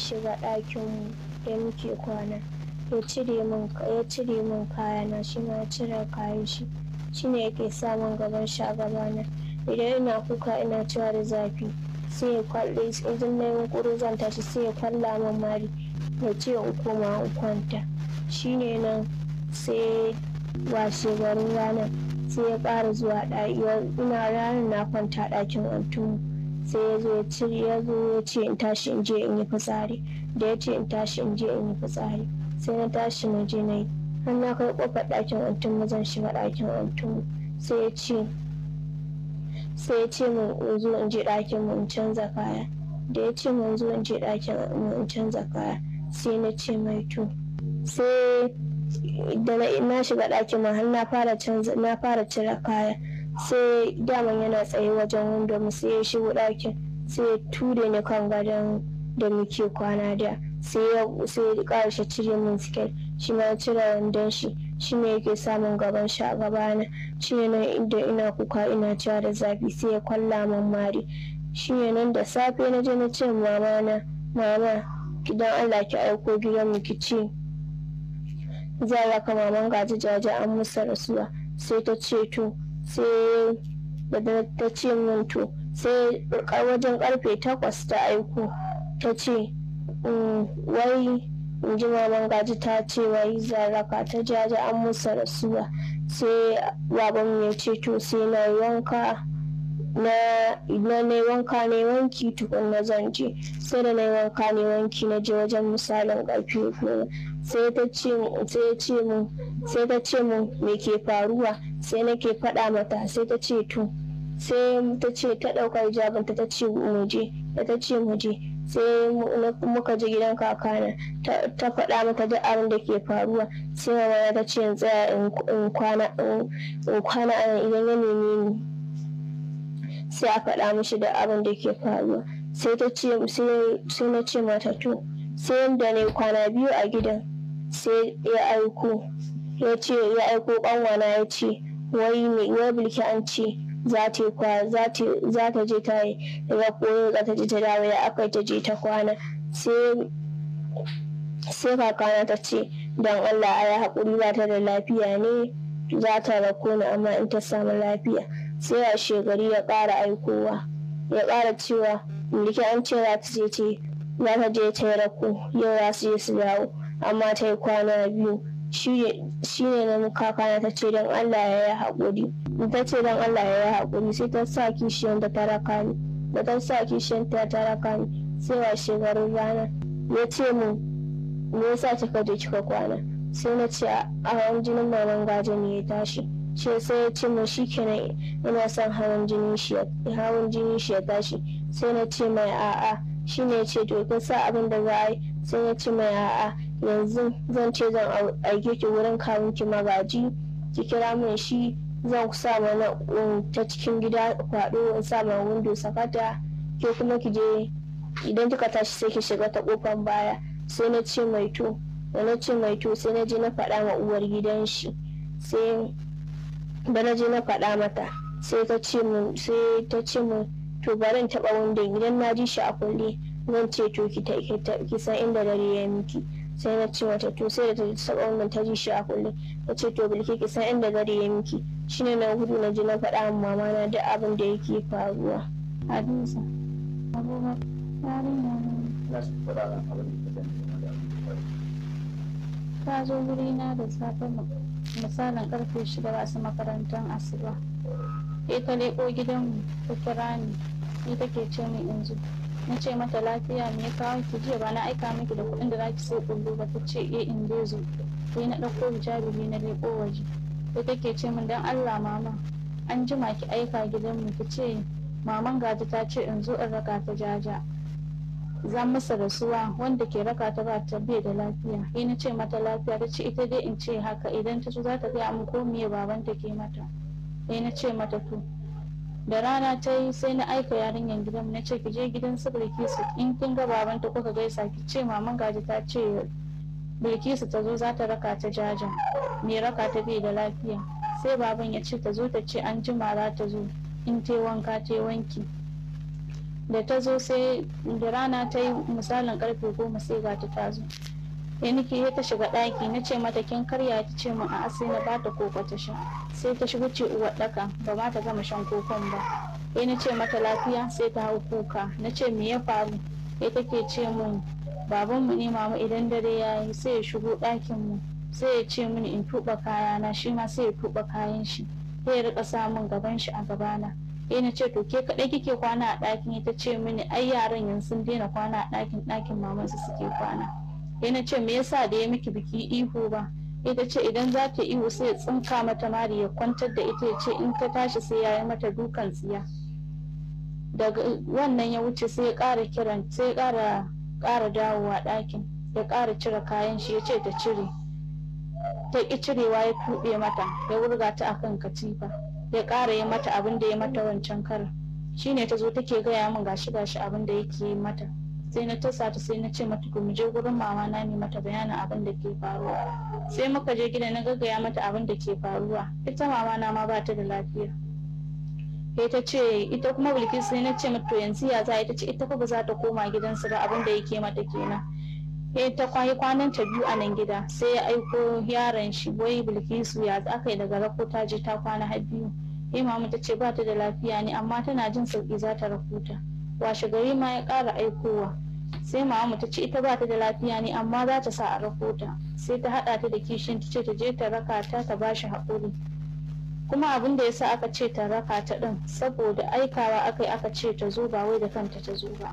shiga ɗakinmu da muke kwana ya cire min kayana shi ma ya cire kayan shi shi ne yake samun gaban shi a gabana idan ina kuka ina cewa da zafi sai ya kwalle idan na yi kuru zan tashi sai ya kwalla min mari ya ce in koma in kwanta shi ne nan sai washe garin ranar sai ya ƙara zuwa ɗaki ina ranar na kwanta ɗakin antumu sai ya zo ya zo ya ce in tashi in je in yi fitsari da ya ce in tashi in je in yi fitsari sai na tashi na je na yi har na kai kofar ɗakin antum mu zan shiga ɗakin antum sai ya ce sai ya ce mun zo in je ɗakin mu in canza kaya da ya ce mun zo in je ɗakin mu in canza kaya sai na ce mai to sai da na shiga ɗakin mu har na fara canza na fara cire kaya sai daman yana tsaye wajen windon sai ya shigo ɗakin sai ya ture ni kan gadon da muke kwana da sai ya sai ya cire min siket shi ma cire wandon shi shi ne yake samun gaban shi a gabana shi ne nan inda ina kuka ina cewa da zafi sai ya kwalla min mari shi ne nan da safe na je na ce mama na mama gidan Allah ki aiko gidan mu ki ce zai ya kama jaje an musa rasuwa sai ta ce to sai da ta min to sai wajen karfe takwas ta aiko ta ce mm, wai in ji maman gaji ta ce wai zaraka ta jaji an musa rasuwa sai babanmu ya ce to sai na yanka. na na wanka ne wanki tukun na zance je sai da na wanka ne wanki na je wajen misalin karfe goma sai ta ce sai ce sai ta ce me ke faruwa sai nake faɗa mata sai ta ce to sai ta ce ta ɗauka hijabinta ta ce mu je da ta ce mu je sai muka je gidan kakana ta faɗa mata duk abin da ke faruwa sai mama ta ce in tsaya in kwana idan ya neme ni sai a faɗa mishi da abin da ke faruwa sai ta ce sai na ce mata to sai yadda ne kwana biyu a gidan sai ya aiko ya ce ya aiko ƙanwana ya ce wai ne wai bilki an ce za ta kwa za ta je ta yi daga koyo za ta je ta dawo ya aka ta je ta kwana sai kakana ta ce don allah a ya haƙuri ba ta da lafiya ne za ta rako ni amma in ta samu lafiya sai a shegari ya ƙara aikowa ya ƙara cewa mulki an ce za ta je ce za ta je ta yi rako yau za su je su dawo amma ta yi kwana biyu shi ne na mukaka na ta ce don Allah ya yi haƙuri ta ce don Allah ya yi haƙuri sai ta sa kishiyan ta taraka ni da ta sa kishiyan ta taraka ni sai wa shekaru rana ya ce mu me yasa kika je kika kwana sai na ce a hawan jinin maman gajen ya tashi ce sai ya ce mai shi kenan ina son hawan jini shi hawan jini shi ya tashi sai na ce mai a'a shi ne ce to sa abin da za a yi sai na ce mai a'a yanzu zan ce zan aike ki wurin kawun ki magaji ki kira min shi zan sa mana ta cikin gida kwado in sa mana windo sakata ke kuma ki je idan kika tashi sai ki shiga ta kofan baya sai na ce mai to na ce mai to sai na je na faɗa ma uwar gidan shi sai da na je na faɗa mata sai ta ce mun sai ta ce mun to barin taɓa wundin idan na ji shi a kulle zan ce to ki ki san inda dare ya miki sai na ce mata to sai da ta taɓa wundin ta ji shi a kulle ta ce to bilki ki san inda dare ya miki shine na gudu na je na faɗa min mama na duk abin da yake faruwa. Hadiza, abubakar, yarinya ne. Ta zo wurina da safe misalin karfe shida da su makarantar asuba sai ta leƙo gidanmu ta kira ni ni take ce min in na ce mata lafiya me ya kawo ki jiya ba na aika miki da kuɗin da za ki sai kullu ba ta ce ya eh, in dai zo sai na ɗauko hijabi na leƙo waje sai take ce min dan Allah mama an jima ki aika gidanmu ki ce maman gaji ta ce in zo in raka ta jaja za masa rasuwa wanda ke raka ta ba ta bai da lafiya ya na ce mata lafiya ta ce ita dai in ce haka idan ta so za ta gaya min ko miye babanta ke mata ya na ce mata to da rana ta yi sai na aika yarinyar gidan na ce ki je gidan su bilkisu in kin ga babanta kuka gaisa ki ce maman gaji ta ce bilkisu ta zo za ta raka ta jaja me raka ta bai da lafiya sai baban ya ce ta zo ta ce an jima za ta zo in te wanka te wanki da ta zo sai da rana ta yi misalin karfe goma sai ga ta tazo ya nike ya ta shiga ɗaki na ce mata kin karya ta ce a sai na ba ta koko ta sha sai ta shigo ce uwa ɗaka ba ma ta gama shan kokon ba ya na ce mata lafiya sai ta hau kuka na ce me ya faru ya take ce min babanmu ne mamu idan dare ya yi sai ya shigo mu sai ya ce mini in tuɓa kayana shi ma sai ya tuɓa kayan shi sai ya rika samun gaban shi a gabana. eh na ce to ke kaɗai kike kwana a ɗakin ita ce mini ai yaran yanzu sun daina kwana a ɗakin ɗakin mamansu suke kwana eh na ce me yasa da ya miki biki ihu ba ita ce idan za ta ihu sai ya tsinka mata mari ya kwantar da ita ya ce in ta tashi sai ya yi mata dukan tsiya daga wannan ya wuce sai ya ƙara kiran sai ya ƙara ƙara dawowa ɗakin ya kara cire kayan shi ya ce ta cire ta ƙi cirewa ya tuɓe mata ya wurga ta akan katifa ya ƙara yi mata abin da ya mata wancan Shi shine ta zo take gaya min gashi gashi abin da yake yi mata sai na tasa ta sai na ce mata to mu je gurin mama na ne mata bayanin abin da ke faruwa sai muka je gida na gaggaya mata abin da ke faruwa ita mama na ma ba ta da lafiya sai ta ce ita kuma bilkisu sai na ce mata to yanzu ya za ita ce ita fa ba za ta koma gidansu ba abin da yake mata kenan eh ta kwayi kwanan ta biyu a nan gida sai ya aiko yaron shi wai bilkisu ya aka yi daga rako ta je ta kwana har biyu eh mamu ta ce ba ta da lafiya ne amma tana jin sauki za ta rakuta washe gari ma ya kara aikowa sai mamu ta ce ita ba ta da lafiya ne amma za ta sa a rakota sai ta haɗa ta da kishin ta ce ta je ta raka ta ta ba shi haƙuri kuma abin da ya sa aka ce ta raka ta ɗin saboda aikawa aka yi aka ce ta zo ba wai da kanta ta zo ba.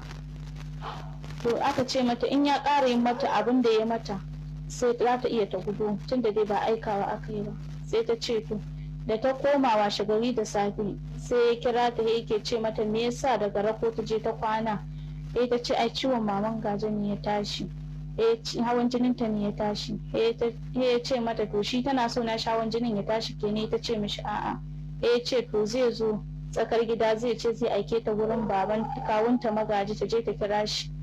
to aka ce mata in ya ƙara yin mata abin da ya mata sai za ta iya ta gudu tunda dai ba aikawa aka yi ba sai ta ce to da ta koma washe gari da safe sai ya kira ta yake ce mata me yasa daga rako ta je ta kwana eh ta ce ai ciwon maman Gajen ne ya tashi eh hawan jinin ta ne ya tashi eh ya ce mata to shi tana so na hawan jinin ya tashi ke ne ta ce mishi a'a eh ce to zai zo tsakar gida zai ce zai aike ta wurin baban kawunta magaji ta je ta kira shi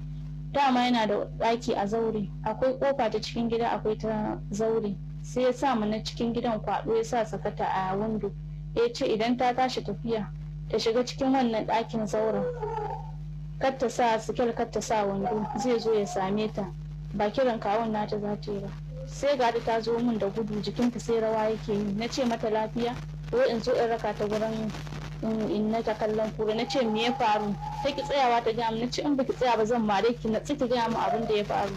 dama yana da ɗaki a zaure akwai kofa ta cikin gida akwai ta zaure sai ya sa mu na cikin gidan kwaɗo ya sa sakata a windo ya ce idan ta tashi tafiya ta shiga cikin wannan ɗakin zauren kar ta sa sikil kar ta sa wando zai zo ya same ta ba kiran kawun nata za ta yi ba sai gari ta zo min da gudu jikinta sai rawa yake yi na ce mata lafiya ko in zo in raka ta gurin in na ta kallon kura na ce me ya faru ta ki tsayawa ta gaya na ce in baki tsaya ba zan mare ki na tsaki gaya mu abin da ya faru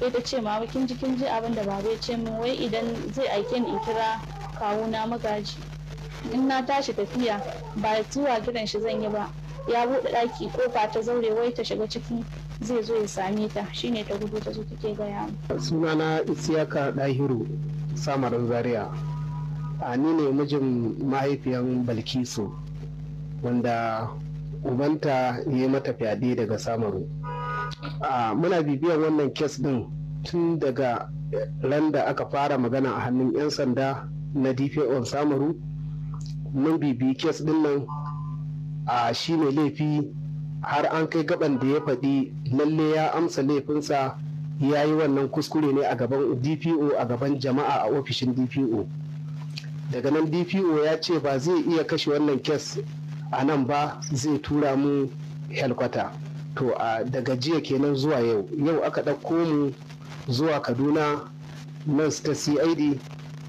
sai ta ce mama kin ji kin ji abin da baba ya ce min wai idan zai aike ni in kira kawuna magaji in na tashi tafiya ba zuwa gidan shi zan yi ba ya buɗe ɗaki kofa ta zaure wai ta shiga ciki zai zo ya same ta shine ta gudu ta zo take gaya mu sunana isiyaka dahiru samarin zaria a ne mijin mahaifiyan balkiso. wanda ubanta ya mata fyaɗe daga samaru muna bibiyar wannan kes ɗin tun daga ran da aka fara magana a hannun 'yan sanda na dpo samaru mun bibiyi kes din nan a shi mai laifi har an kai gaban da ya faɗi lalle ya amsa laifinsa ya yi wannan kuskure ne a gaban dpo a gaban jama'a a ofishin dpo daga nan dpo ya ce ba zai iya kashe wannan kes a nan ba zai tura mu helkwata to a daga jiya kenan zuwa yau yau aka ɗauko mu zuwa kaduna nan ta cid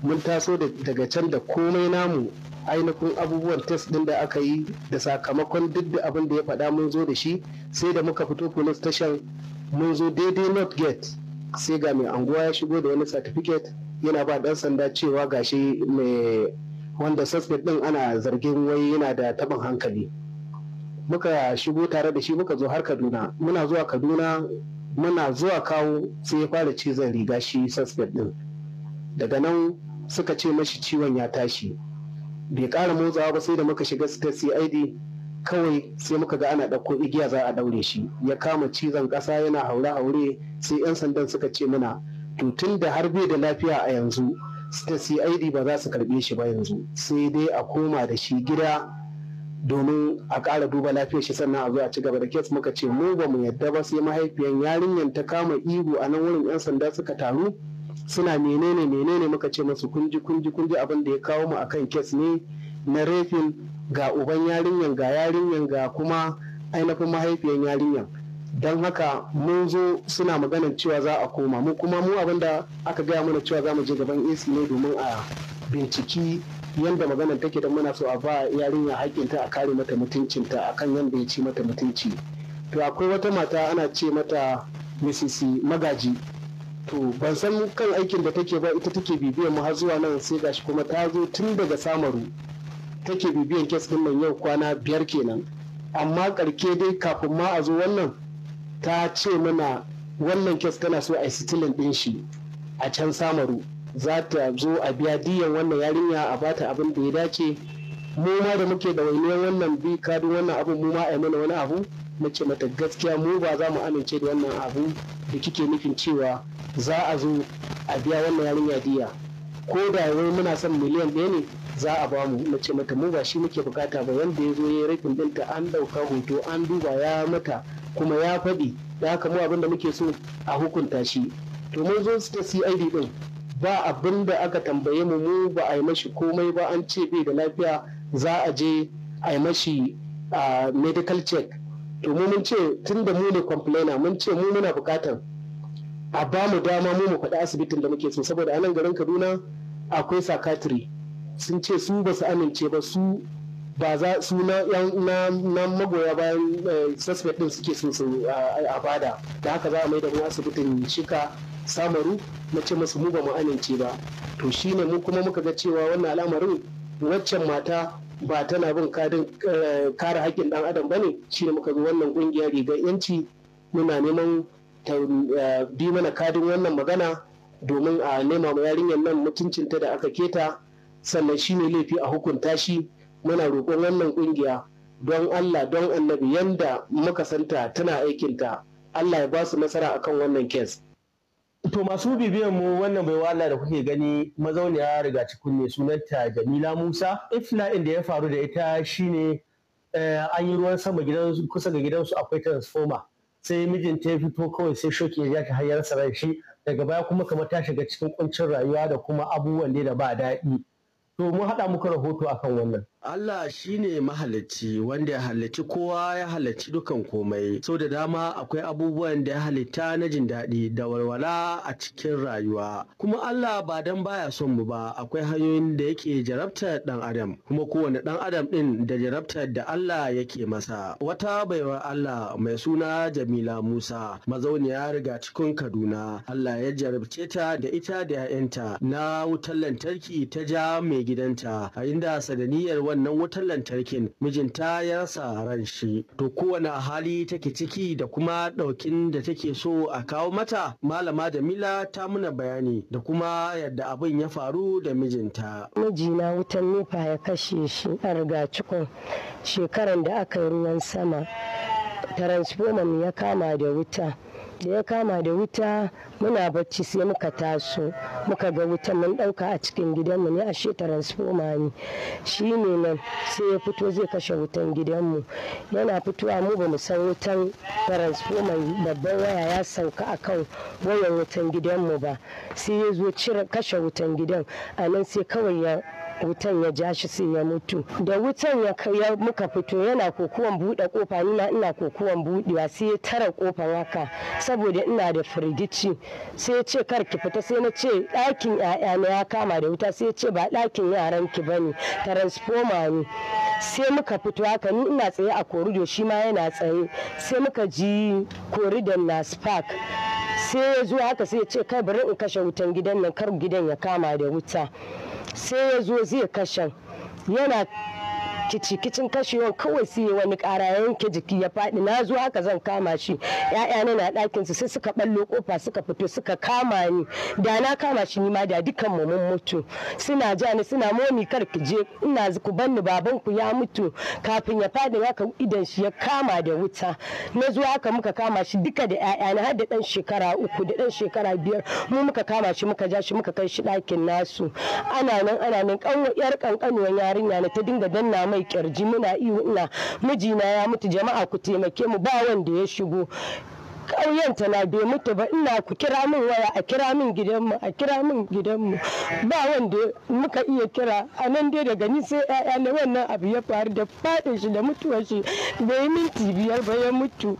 mun taso daga can da komai namu ainihin abubuwan test din da aka yi da sakamakon duk da abin da ya faɗa mun zo da shi sai da muka fito police station mun zo daidai not gate sai ga mai anguwa ya shigo da wani certificate yana ba ɗan sanda cewa gashi mai wanda suspect din ana zargin wai yana da taɓin hankali muka shigo tare da shi muka zo har kaduna muna zuwa kaduna muna zuwa kawo sai ya fara cizon riga shi suspect din daga nan suka ce mashi ciwon ya tashi bai ƙara motsawa ba sai da muka shiga state cid kawai sai muka ga ana ɗauko igiya za a ɗaure shi ya kama cizon ƙasa yana haure-haure sai 'yan sandan suka ce mana to tun da har bai da lafiya a yanzu da cid ba za su karbe shi ba yanzu sai dai a koma da shi gida domin a ƙara duba lafiyar shi sannan a zo a ci gaba da kes muka ce mu ba mu yadda ba sai mahaifiyan yarinyar ta kama ihu a nan wurin 'yan sanda suka taru suna menene menene muka ce masu kunji kunji kunji abin da ya kawo mu akan kes ne na refin ga uban yarinyar, ga yarinyar ga kuma ainihin mahaifiyan yarinyar. don haka mun zo suna maganar cewa za a koma mu kuma mu abinda aka gaya mana cewa za mu je gaban ac ne domin a binciki yadda maganar take da muna so a ba yarinya haƙƙinta a kare mata mutuncinta akan yadda ya ci mata mutunci to akwai wata mata ana ce mata mrs magaji to ban san kan aikin da take ba ita take bibiyar mu har zuwa nan sai gashi kuma ta zo tun daga samaru take bibiyan kes din nan yau kwana biyar kenan amma karke dai kafin ma a zo wannan ta ce mana wannan kes tana so a yi sitilin ɗin shi a can samaru za ta zo a biya diyan wannan yarinya a bata abin da ya dace mu ma da muke da wani wannan bi kadin wannan abin mu ma a mana wani abu muke mata gaskiya mu ba za mu amince da wannan abu da kike nufin cewa za a zo a biya wannan yarinya diya ko da wai muna son miliyan ɗaya ne za a bamu mu ce mata mu ba shi muke bukata ba wanda ya zo ya yi rafin ɗinta an ɗauka hoto an duba ya mata kuma ya faɗi da haka mu abin da muke so a hukunta shi to mun zo ta CID din ba abinda aka tambaye mu mu ba a yi mashi komai ba an ce bai da lafiya za a je a yi mashi medical check to mu mun ce tun mu ne complainer mun ce mu muna bukatar a ba mu dama mu mu faɗi asibitin da muke so saboda a nan garin Kaduna akwai sakatiri sun ce su ba su amince ba su Ba za su na magoya bayan eh, suspect din suke so su a bada da haka za a mai da mu asibitin shika samaru na ce musu mu ba mu amince ba to shine mu kuma muka ga cewa wannan al'amarin waccan mata ba tana bin kadin eh, kare haƙƙin ɗan adam ba ne shine muka ga wannan ƙungiya rigar yanci muna neman ta eh, bi mana kadin wannan magana domin a nema ma yarinyar nan mutuncinta da aka keta sannan shine laifi a hukunta shi muna roƙon wannan ƙungiya don Allah don annabi yanda muka santa tana aikinta Allah ya ba su nasara akan wannan kes. To masu bibiyan mu wannan baiwa Allah da kuke gani mazauniya riga cikin ne sunanta Jamila Musa. Ifla'in da ya faru da ita shine eh, an yi ruwan sama gidan kusa ga gidansu akwai transformer. Sai mijinta ya fito kawai sai shoki ya ta hanyar sarar shi daga baya kuma kamar ta shiga cikin kuncin rayuwa da kuma abubuwan da ba daɗi. To mun haɗa muka rahoto akan wannan. Allah shi ne mahalicci wanda ya halicci kowa ya halicci dukan komai. Sau da dama akwai abubuwan da ya halitta na jin daɗi da walwala a cikin rayuwa. Kuma Allah ba dan baya son mu ba akwai hanyoyin da yake jarabtar ɗan adam. Kuma kowane ɗan adam ɗin da jarabtar da Allah yake masa. Wata baiwar Allah mai suna Jamila Musa mazauniya riga cikin Kaduna. Allah ya jarabce ta da ita da 'ya'yanta na wutar lantarki ta ja mai gidanta a inda sadaniyar wannan wutar lantarkin mijinta ya rasa ran shi to kowane hali take ciki da kuma ɗaukin da take so a kawo mata malama Jamila ta muna bayani da kuma yadda abin ya faru da mijinta mijina wutan nufa ya kashe shi a rigacikon shekaran da aka yi ruwan sama transformer ya kama da wuta da ya kama da wuta muna bacci sai muka taso muka ga wuta mun ɗauka a cikin gidanmu ne ashe transforma ne shi ne nan sai ya fito zai kashe wutan gidanmu yana fitowa mu ba san wutan transforma babban waya ya sauka a kan wayan wutan gidanmu ba sai ya zo cire kashe wutan gidan a nan sai kawai ya wutan ya ja shi sai ya mutu da wutan ya kai muka fito yana kokuwan buɗe kofa ni ina kokuwan buɗewa sai ya tara kofan haka saboda ina da firgici sai ya ce kar ki fita sai na ce ɗakin 'ya'yana ya kama da wuta sai ya ce ba ɗakin yaran ki bane transformer ne sai muka fito haka ni ina tsaye a korido shi ma yana tsaye sai muka ji koridon na spark sai ya zo haka sai ya ce kai bari in kashe wutan gidan nan kar gidan ya kama da wuta sai ya zo zai kashen yana kici kicin kashewan kawai su yi wani kara yanke jiki ya faɗi na zo haka zan kama shi ya'ya na ɗakin su sai suka ballo kofa suka fito suka kama ni da na kama shi ni ma da dukan mu mun mutu suna ja ni suna momi kar ki je ina ku banni baban ku ya mutu kafin ya faɗi haka idan shi ya kama da wuta na zo haka muka kama shi duka da ya'ya na har da dan shekara uku da dan shekara biyar mu muka kama shi muka ja shi muka kai shi ɗakin nasu ana nan ana nan yar ƙanƙanuwar yarinya ne ta dinga danna mai mai kirji muna iya ina mijina ya mutu jama'a ku taimake mu ba wanda ya shigo ƙauyen na bai mutu ba ina ku kira min waya a kira min gidanmu a kira min gidanmu ba wanda muka iya kira a nan dai daga ni sai ƴaƴa na wannan abu ya faru da faɗin shi da mutuwar shi bai minti biyar ba ya mutu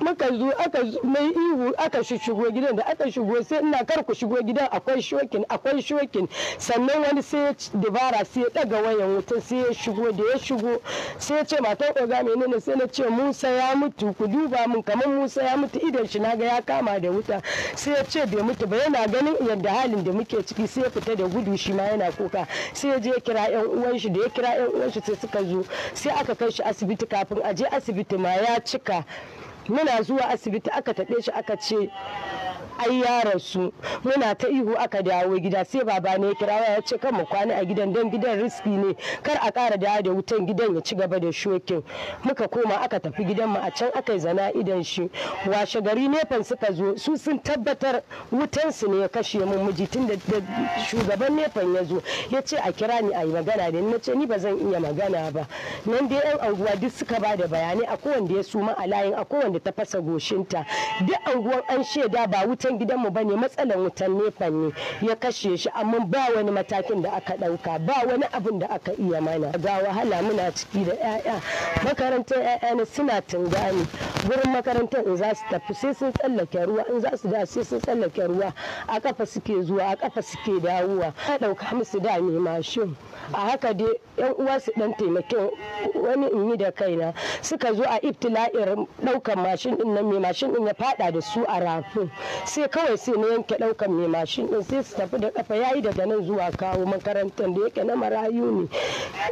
muka zo aka mai ihu aka shigo gidan da aka shigo sai ina kar ku shigo gidan akwai shokin akwai shokin sannan wani sai dubara sai ya daga wayan wuta sai ya shigo da ya shigo sai ya ce matan oga menene sai na ce Musa ya mutu ku duba min kamar Musa ya mutu idon shi naga ya kama da wuta sai ya ce bai mutu ba yana ganin yadda halin da muke ciki sai ya fita da gudu shi ma yana kuka sai ya je ya kira yan uwan shi da ya kira yan uwan shi sai suka zo sai aka kai shi asibiti kafin a je asibiti ma ya cika muna zuwa asibiti aka taɓe shi aka ce ai ya rasu muna ta ihu aka dawo gida sai baba ne ya kira ya ce kan mu kwana a gidan dan gidan riski ne kar a ƙara dawo da wutan gidan ya ci gaba da shokin muka koma aka tafi gidan mu a can aka yi zana idan shi washe gari nefan suka zo su sun tabbatar wutan su ne ya kashe mu miji tun da shugaban nefan ya zo ya ce a kira ni a yi magana da ni na ce ni ba zan iya magana ba nan dai yan anguwa duk suka ba da bayanai a kowanda ya suma a layin a kowanda ta fasa goshinta duk anguwan an shaida ba wutan matsalan gidanmu ba ne matsalan wutan nefa ne ya kashe shi amma ba wani matakin da aka ɗauka ba wani abin da aka iya mana ga wahala muna ciki da 'ya'ya makarantar 'ya'ya ne suna tungani gurin makarantar in za su tafi sai sun tsallake ruwa in za su da sai sun tsallake ruwa a kafa suke zuwa a kafa suke dawowa ka ɗauka musu da ne mashin a haka dai yan uwa su dan taimake wani in yi da kaina suka zo a ibtila'ir daukan mashin din nan mai mashin din ya fada da su a rafin sai kawai sai na yanke daukan mai mashin din sai su tafi da kafa yayi daga nan zuwa kawo makarantar da yake na marayu ne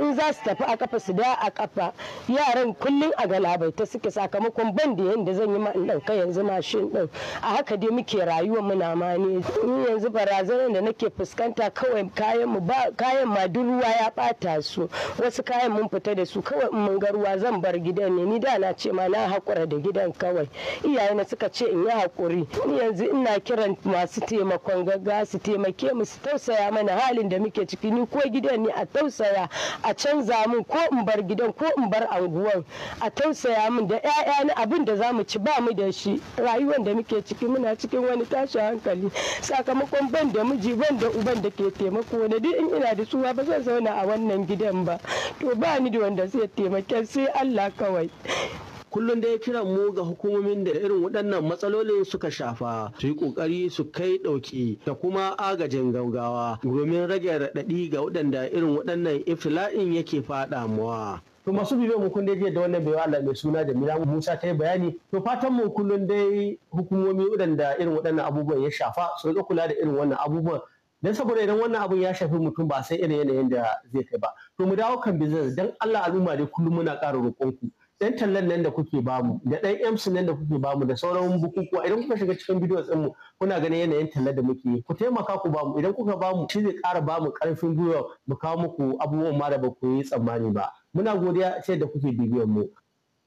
in za su tafi a kafa su da a kafa yaran kullum a galabaita suke sakamakon ban da yanda zan yi ma in dauka yanzu mashin din a haka dai muke rayuwa muna ma ne yanzu barazanar da nake fuskanta kawai kayan mu kayan ma duru ruwa ya ɓata su wasu kayan mun fita da su kawai in mun ga ruwa zan bar gidan ne ni da na ce ma na hakura da gidan kawai iyaye na suka ce in yi hakuri ni yanzu ina kiran masu taimakon gaggawa su taimake mu su tausaya mana halin da muke ciki ni ko gidan ne a tausaya a canza mun ko in bar gidan ko in bar anguwan a tausaya mun da 'ya'ya na abin da zamu ci ba mu da shi rayuwar da muke ciki muna cikin wani tashin hankali sakamakon ban da miji ban da uban da ke taimako na duk in ina da tsuwa ba zan zauna a wannan gidan ba to ba ni da wanda zai taimake sai Allah kawai kullum dai kiran mu ga hukumomin da irin waɗannan matsalolin suka shafa su yi ƙoƙari su kai ɗauki da kuma agajin gaugawa domin rage raɗaɗi ga waɗanda irin waɗannan iftila'in yake faɗa muwa. to masu bibe mu kun dai da wannan baiwa mai suna da Mila Musa ta yi bayani to fatan mu kullum dai hukumomi waɗanda irin waɗannan abubuwan ya shafa su kula da irin wannan abubuwan don saboda idan wannan abun ya shafi mutum ba sai irin yanayin da zai kai ba to mu dawo kan business dan Allah al'umma dai kullum muna ƙara roƙonku ɗan tallan nan da kuke bamu da dan MC nan da kuke ba mu, da sauran bukukuwa idan kuka shiga cikin bidiyo ɗinmu kuna ganin yanayin tallar da muke ku taimaka ku bamu idan kuka bamu shi zai ƙara bamu ƙarfin gwiwa mu kawo muku abubuwan ma da ba ku yi tsammani ba muna godiya ce da kuke bibiyan mu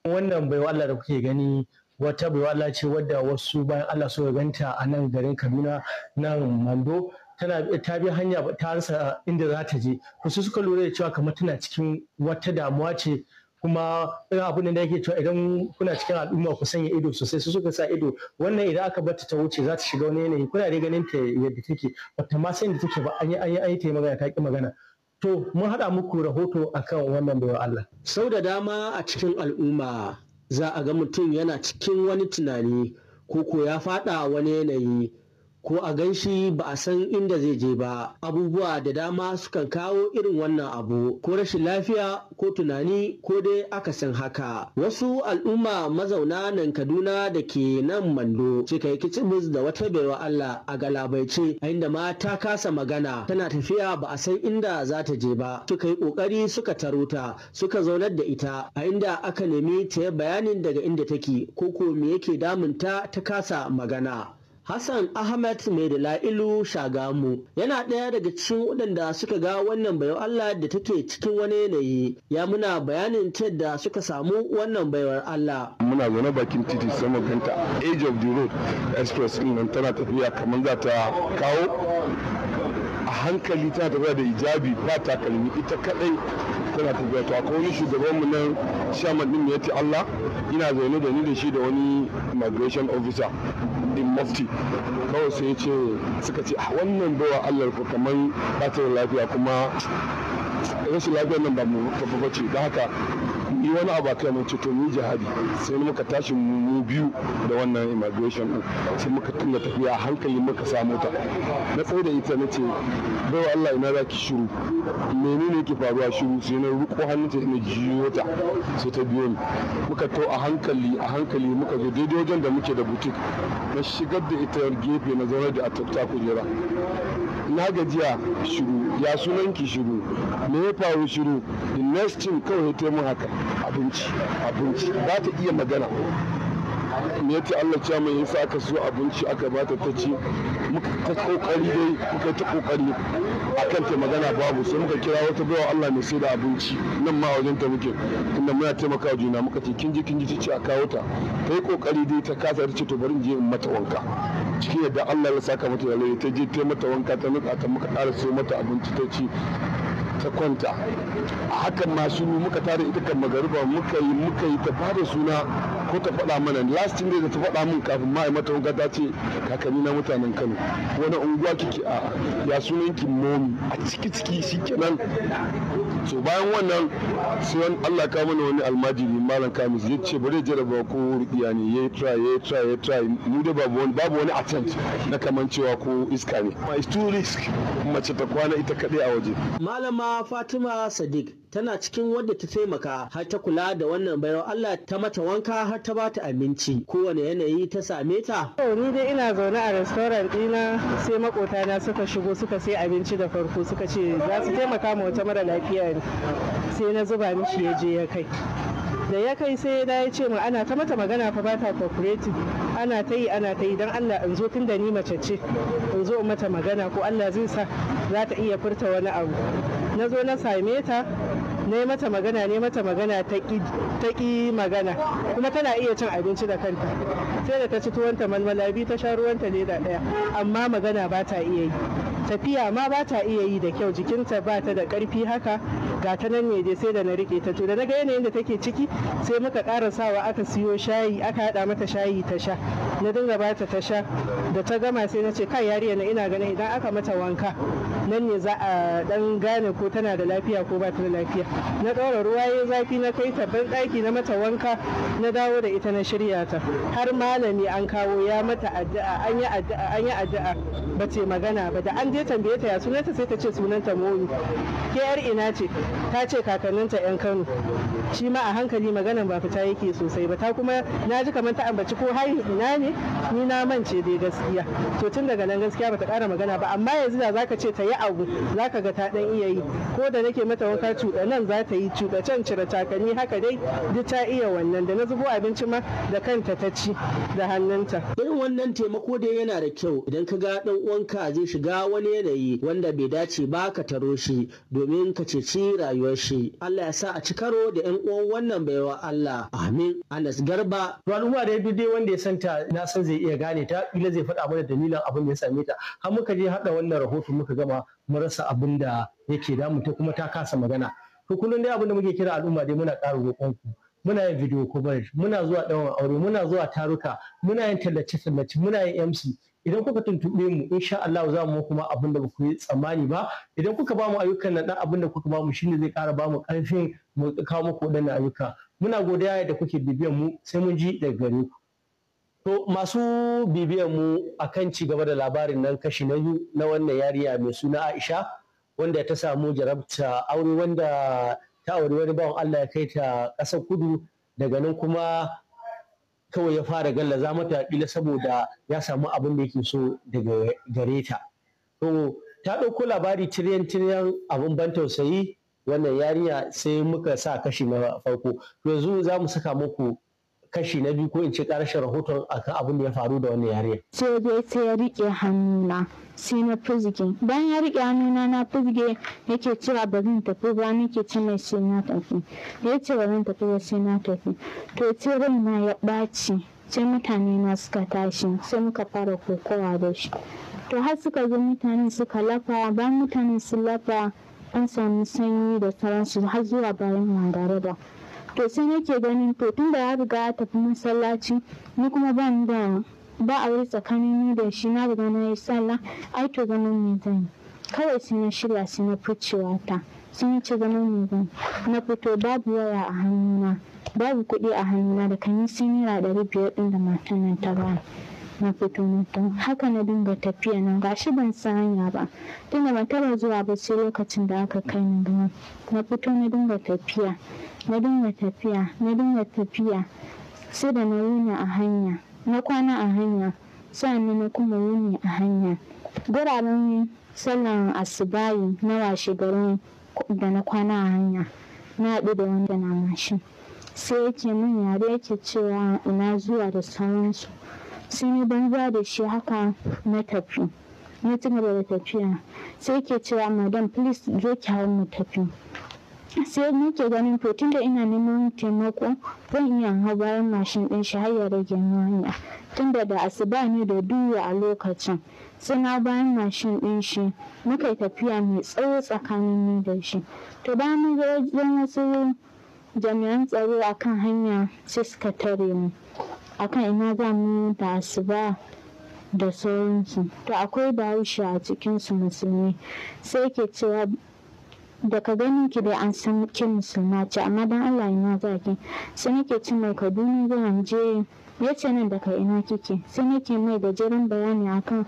wannan bai Allah da kuke gani wata bai Allah ce wadda wasu bayan Allah so ya ganta a nan garin Kaduna nan Mando tana ta bi hanya ta rasa inda za ta je wasu suka lura da cewa kamar tana cikin wata damuwa ce kuma irin abin da yake cewa idan kuna cikin al'umma ku sanya ido sosai su suka sa ido wannan idan aka bar ta wuce za ta shiga wani yanayi kuna dai ganin ta yadda take bata ma san da take ba an yi an yi an yi ta magana ta ki magana to mun haɗa muku rahoto akan wannan bayan Allah sau da dama a cikin al'umma za a ga mutum yana cikin wani tunani ko ko ya faɗa wani yanayi ko a gan shi ba a san inda zai je ba abubuwa da dama sukan kawo irin wannan abu ko rashin lafiya ko tunani ko dai aka san haka wasu al'umma mazauna nan kaduna da ke nan mando suka yi kicibis da wata baiwa allah a galabaice a inda ma ta kasa magana tana tafiya ba a san inda za ta je ba suka yi kokari suka tarota suka zaunar da ita a inda aka nemi ta bayanin daga inda take ko ko me yake damunta ta kasa magana Hassan Ahmed mai da la'ilu Shagamu yana ɗaya daga cikin waɗanda suka ga wannan baiwar Allah da take cikin wani yanayi ya muna bayanin ta da suka samu wannan baiwar Allah. Muna zaune bakin titi sama mu ganta Age of the Road Express ɗin nan tana tafiya kamar za ta kawo a hankali tana tafiya da ijabi ba takalmi ita kadai tana tafiya to akwai wani shugaban mu nan shaman ɗin ya ce Allah ina zaune da ni da shi da wani immigration officer din mafti kawai sai ce suka ce ah, wannan bawa allah ku kamar ba lafiya kuma rashin lafiyar nan ba mu babba ce da haka yi wani abu a kai mun ce to mu jihadi sai muka tashi mu biyu da wannan immigration din sai muka tunga tafiya hankali muka samu ta na tsaye da ita na ce bai Allah ina za ki shiru menene ke faruwa shiru sai na ruko ta ina jiyo ta sai ta biyo ni muka to a hankali a hankali muka zo daidai wajen da muke da butik na shigar da ita gefe na zaunar da a kujera na gajiya shiru ya sunan ki shiru me ya faru shiru the next thing kawai ta mun haka abinci abinci ba ta iya magana me ta Allah ya mai yasa aka so abinci aka bata ta ci muka ta kokari dai muka ta kokari akan ta magana babu sai muka kira wata bawa Allah mai sai da abinci nan ma wajen ta muke tunda muna taimaka juna muka ce kin ji kin ji ci a kawo ta kai kokari dai ta kasa ta ce to bari in je in mata wanka cikin yadda Allah ya saka mata lalle ta je ta mata wanka ta nuka ta muka ƙara so mata abinci ta ci ta kwanta a hakan ma shiru muka tare ita kan magariba muka yi muka yi ta bada suna ko ta faɗa mana last day da ta faɗa min kafin ma mata wanka ta ce kakanni na mutanen Kano wani unguwa kike a ya sunan ki momi a ciki ciki shi kenan. so bayan wannan sai Allah ka mana wani almajiri malam kamis ya ce bari jaraba ko rubiya ne ya try ya try ya try ni da babu wani babu wani attempt na kaman cewa ko iska ne ma it's too risk mace ta kwana ita kadai a waje malama fatima sadiq tana cikin wadda ta taimaka har ta kula da wannan bayo Allah ta mata wanka har ta bata abinci kowane yanayi ta same ta ni dai ina zaune a restaurant dina sai makota na suka shigo suka sai abinci da farko suka ce za su taimaka ma wata mara lafiya ne sai na zuba mishi ya je ya kai da ya kai sai na ya ce ana ta mata magana fa bata cooperative ana ta yi ana ta yi don Allah in zo tun da ni mace ce in zo mata magana ko Allah zai sa za ta iya furta wani abu na zo na same ta Na yi mata magana ne mata magana ta ƙi magana kuma tana iya cin abinci da kanta sai da ta ci tuwanta malmala biyu ta sha ruwanta da ɗaya amma magana ba ta iya yi tafiya ma ba ta iya yi da kyau jikinta ba ta da ƙarfi haka ga ta nan ne dai sai da na riƙe ta to da naga yanayin da take ciki sai muka ƙara sawa aka siyo shayi aka haɗa mata shayi ta sha na dinga ba ta ta sha da ta gama sai na ce kai yariya na ina ganin idan aka mata wanka nan ne za a ɗan gane ko tana da lafiya ko ba ta da lafiya na ɗora ruwa ya zafi na kai ta ban ɗaki na mata wanka na dawo da ita na shirya ta har malami an kawo ya mata addu'a an yi addu'a an yi addu'a ba ce magana ba da an je tambaye ta ya sunanta sai ta ce sunanta momi ke yar ina ce ta ce kakanninta yan kano shi ma a hankali maganan ba fita yake sosai ba ta kuma na ji kamar ta ambaci ko har ina ne ni na mance dai gaskiya to tun daga nan gaskiya bata ƙara magana ba amma yanzu da zaka ce ta yi abu zaka ga ta dan iya yi ko da nake mata wanka cuɗa nan cutacen za ta yi cutacen cire takalmi haka dai duk ta iya wannan da na zubo abinci ma da kanta ta ci da hannunta irin wannan taimako dai yana da kyau idan ka ga dan uwanka zai shiga wani yanayi wanda bai dace ba ka taro shi domin ka ceci rayuwar shi Allah ya sa a ci karo da yan uwan wannan baiwa Allah amin Anas Garba to al'umma da dai wanda ya santa na san zai iya gane ta kila zai faɗa mana dalilan abin da ya same ta har muka je haɗa wannan rahoton muka gama mu rasa abin da yake damu ta kuma ta kasa magana to kullum dai abin da muke kira al'umma dai muna ƙara roƙon ku muna yin video coverage muna zuwa ɗawan aure muna zuwa taruka muna yin tallace tallace muna yin MC idan kuka tuntube mu insha Allah za mu kuma abin da ku yi tsammani ba idan kuka ba mu ayyukan nan dan abin da kuka ba mu shine zai ƙara ba mu ƙarfin mu kawo muku waɗannan ayyuka muna godiya da kuke bibiyan mu sai mun ji daga gare ku To masu bibiyan mu akan ci gaba da labarin nan kashi na biyu na wannan yariya mai suna Aisha wanda ta samu jarabta aure wanda ta auri wani bawan Allah ya kai ta ƙasar kudu daga nan kuma kawai ya fara galla gallaza mata ƙila saboda ya samu abin da yake so daga gare ta. To ta ɗauko labari tiriyan tiriyan abin ban tausayi wannan yarinya sai muka sa kashi na farko. Yanzu za mu saka muku kashi na biyu ko in ce karshen rahoton akan abin da ya faru da wannan yarinya. sai dai sai ya rike hannuna sai na fizge bayan ya rike hannuna na fizge yake cewa ba zan tafi ba nake ci mai sai na tafi ya ce ba zan tafi ba sai na tafi to ce na ya ɓaci sai mutane na suka tashi sai muka fara kokowa da shi to har suka zo mutanen suka lafa bayan mutane sun lafa an sami sanyi da sauransu har zuwa bayan mangaraba. to sai nake ganin to tun da ya riga ya tafi masallaci ni kuma ban da ba a wuri tsakanin ni da shi na riga na yi sallah ai to ganin ne zan kawai sai na shirya sai na ficewa ta sun ci ganin ne zan na fito babu waya a hannuna babu kuɗi a hannuna da kan yi sai naira ɗari biyar ɗin da matan nan ta bani na fito mutum haka na dinga tafiya nan shi ban san hanya ba tunda ban taba zuwa ba sai lokacin da aka kai ni gaba na fito na dinga tafiya na dinga tafiya na dinga tafiya sai da na wuni a hanya na kwana a hanya ni na kuma wuni a hanya guraren sallan asibayi na washe garin da na kwana a hanya na haɗu da wanda na mashin sai yake min yare yake cewa ina zuwa da sauransu sun yi banza da shi haka na tafi na ci da tafiya sai ke cewa madam please zo ki hau mu tafi sai nake ganin to tunda ina neman taimako zan iya hau bayan mashin din shi har ya rage hanya tunda da asuba ne da duya a lokacin suna bayan mashin din shi muka yi tafiya mai tsawo tsakanin ni da shi to bayan mun ga wasu jami'an tsaro akan hanya sai suka tare mu akan ina za mu da asuba da sauransu to akwai bahaushe a cikinsu musulmi sai ke cewa daga ganin ki dai an san ki musulma ce amma dan Allah ina za ki sai nake ce mai Kaduna zan je yace nan daga ina kike sai nake mai gajeren bayani akan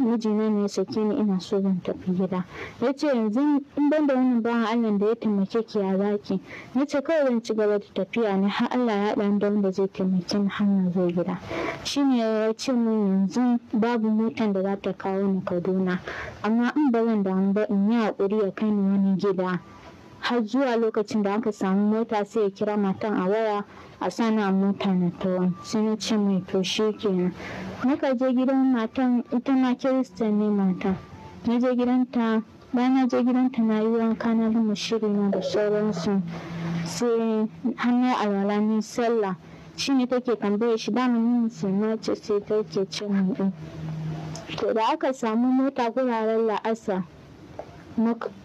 mijina ne ya sake ni ina so zan tafi gida ya ce yanzu in ban da wani bawan allah da ya taimake ki ya zaki na ce kawai zan ci gaba da tafiya ne har allah ya haɗa da wanda zai taimake ni har na zo gida shi ne ya ce min yanzu babu motan da za ta kawo ni kaduna amma in ba zan damu ba in yi haƙuri ya kai ni wani gida har zuwa lokacin da aka samu mota sai ya kira matan a waya a sana mota na tawon sai na ce mai to shi kenan muka je gidan matan ita ma kirista ne mata na je gidanta bayan na je gidanta na yi wanka na lima shiri na da sauransu sai hannu a ni sallah shi ne take tambaye shi ba mu musulma ce sai take ce mu eh. to da aka samu mota guraren la'asa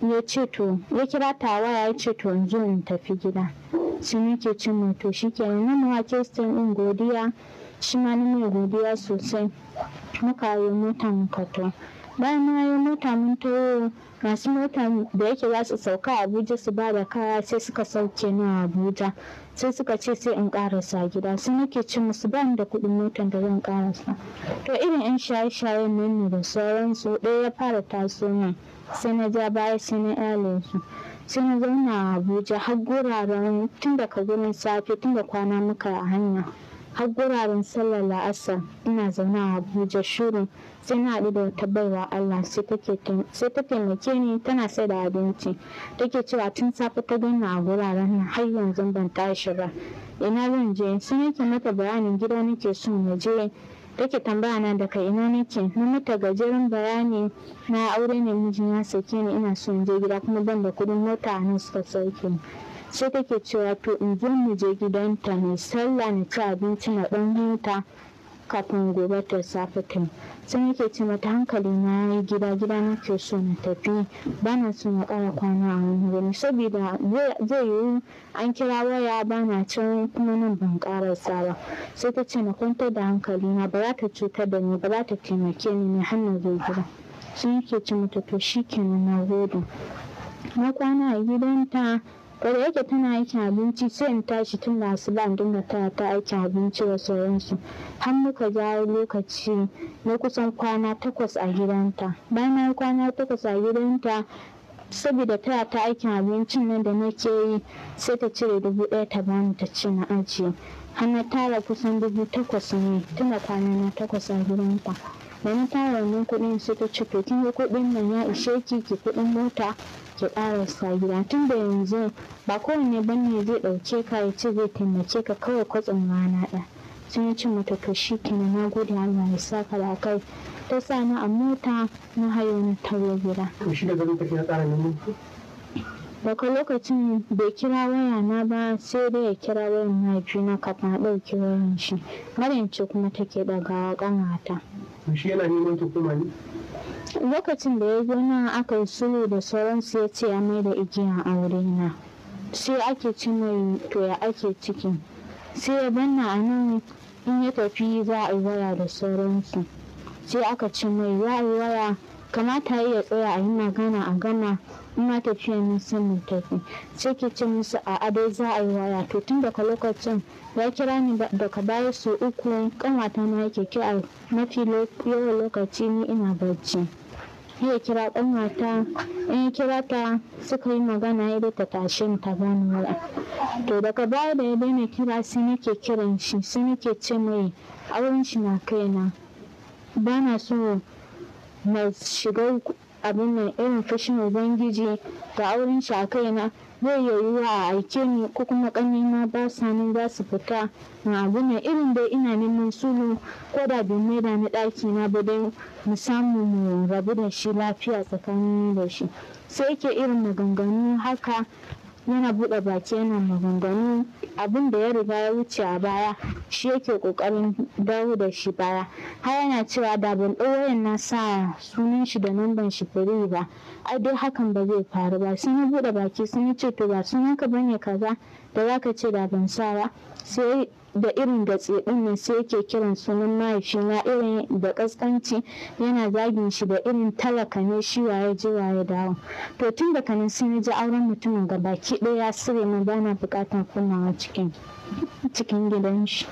ya ce to ya kira tawa waya ya ce to zo in tafi gida sai cin ce shi ke shikenan na mawa kestin din godiya shi ma mai godiya sosai muka yi mota muka kato bayan ma yi mota mun to masu mota da yake za su sauka abuja su ba da kaya sai suka sauke na abuja sai suka ce sai in karasa gida sai nake cin musu ban da kuɗin motar da zan karasa to irin 'yan shaye-shayen nan ne da sauransu ɗaya ya fara taso min sai na ja baya sai na yale su sai na zauna a abuja har guraren tun daga gurin safe tun da kwana muka a hanya har guraren sallar la'asar ina zaune a abuja shirin sai na haɗu da wata baiwa allah sai ta taimake ni tana sai da abinci take cewa tun safe ta gani a guraren nan har yanzu ban tashi ba ina zan je sai nake mata bayanin gida nake son na je take tambaya na daga ina nake na mata gajeren bayani na aure ne miji ya sake ni ina so in je gida kuma ban da kuɗin mota a suka sauke ni sai take cewa to in zo mu je gidanta ne sallah na ci abinci na dan huta kafin gobe ta safe ta sai nake ce mata hankali na yi gida gida na ke so na tafi ba na so na ƙara kwana a wani gani saboda zai yiwu an kira waya ba na can kuma nan ban ƙarasa ba sai ta ce na kwantar da hankali na ba za ta cutar da ni ba za ta taimake ni ne har na zo gida sun nake ce mata to shi kenan na gode na kwana a gidanta ko da yake tana aikin abinci sai in tashi tun da asuba in dinga taya ta aikin abinci da sauransu har muka jawo lokaci na kusan kwana takwas a gidanta bayan kwana takwas a gidanta saboda taya ta aikin abincin nan da nake yi sai ta cire dubu ɗaya ta bani ta ce na ajiye har tara kusan dubu takwas ne tana kwana na takwas a gidanta da na tara wannan kuɗin sai ta ce to kin ga kuɗin nan ya ishe ki ki kuɗin mota ki kararsa gida tun da yanzu ba kowanne bane zai ɗauke ka ya ce zai taimake ka kawai kwatsan rana ɗa sun yi ce mata ka shi na gode Allah ya saka da kai ta sa ni a mota na hayo na taro gida. To shi daga daga lokacin bai kira waya na ba sai dai ya kira wayan mahaifina kafin a ɗauki wayan shi maryam ce kuma take ɗagawa ƙanata shi yana neman ta ne lokacin da ya gona aka yi sulhu da sauransu ya ce ya mai da igiya aure na sai ake ci mai to ya ake ciki sai ya banna a nan in ya tafi za a yi waya da sauransu sai aka ci mai ya yi waya kamata ya tsaya a yi magana a gana. ina tafiya na samun tafi sai ke ce musu a ado za a yi waya to tun daga lokacin ya kira ni daga baya su uku kanwata na yake kira mafi yawan lokaci ni ina barci ya kira kanwata in ya kira ta suka yi magana ya ta tashi ta bani waya to daga baya da ya daina kira sai nake kiran shi sai nake ce mai auren shi na kaina ba na so na shiga abin nan irin fashin ubangiji da auren shi a kaina zai yiwuwa a aike ni ko kuma ma ba sa nan za su fita na abu ne irin dai ina neman sulhu ko da bai maida ni daki na ba dai mu samu mu rabu da shi lafiya tsakanin da shi sai ke irin maganganu haka yana buɗe baki yana maganganu abin da ya riga ya wuce a baya shi yake ƙoƙarin dawo da shi baya har yana cewa da ban ɗauwayen na sa sunan shi da namban shi fure ba ai dai hakan ba zai faru ba sun yi buɗe baki sun yi ce to ba ka bane kaza da zaka ce da ban sa ba sai da irin gatse ɗinnan sai yake kiran sunan mahaifina irin da ƙasƙanci yana zagin shi da irin talaka ne shi waye je waye dawo to tun da kanin sun na ji auren mutumin gabaki ɗaya ya sire min bana buƙatar kunnawa cikin cikin gidan shi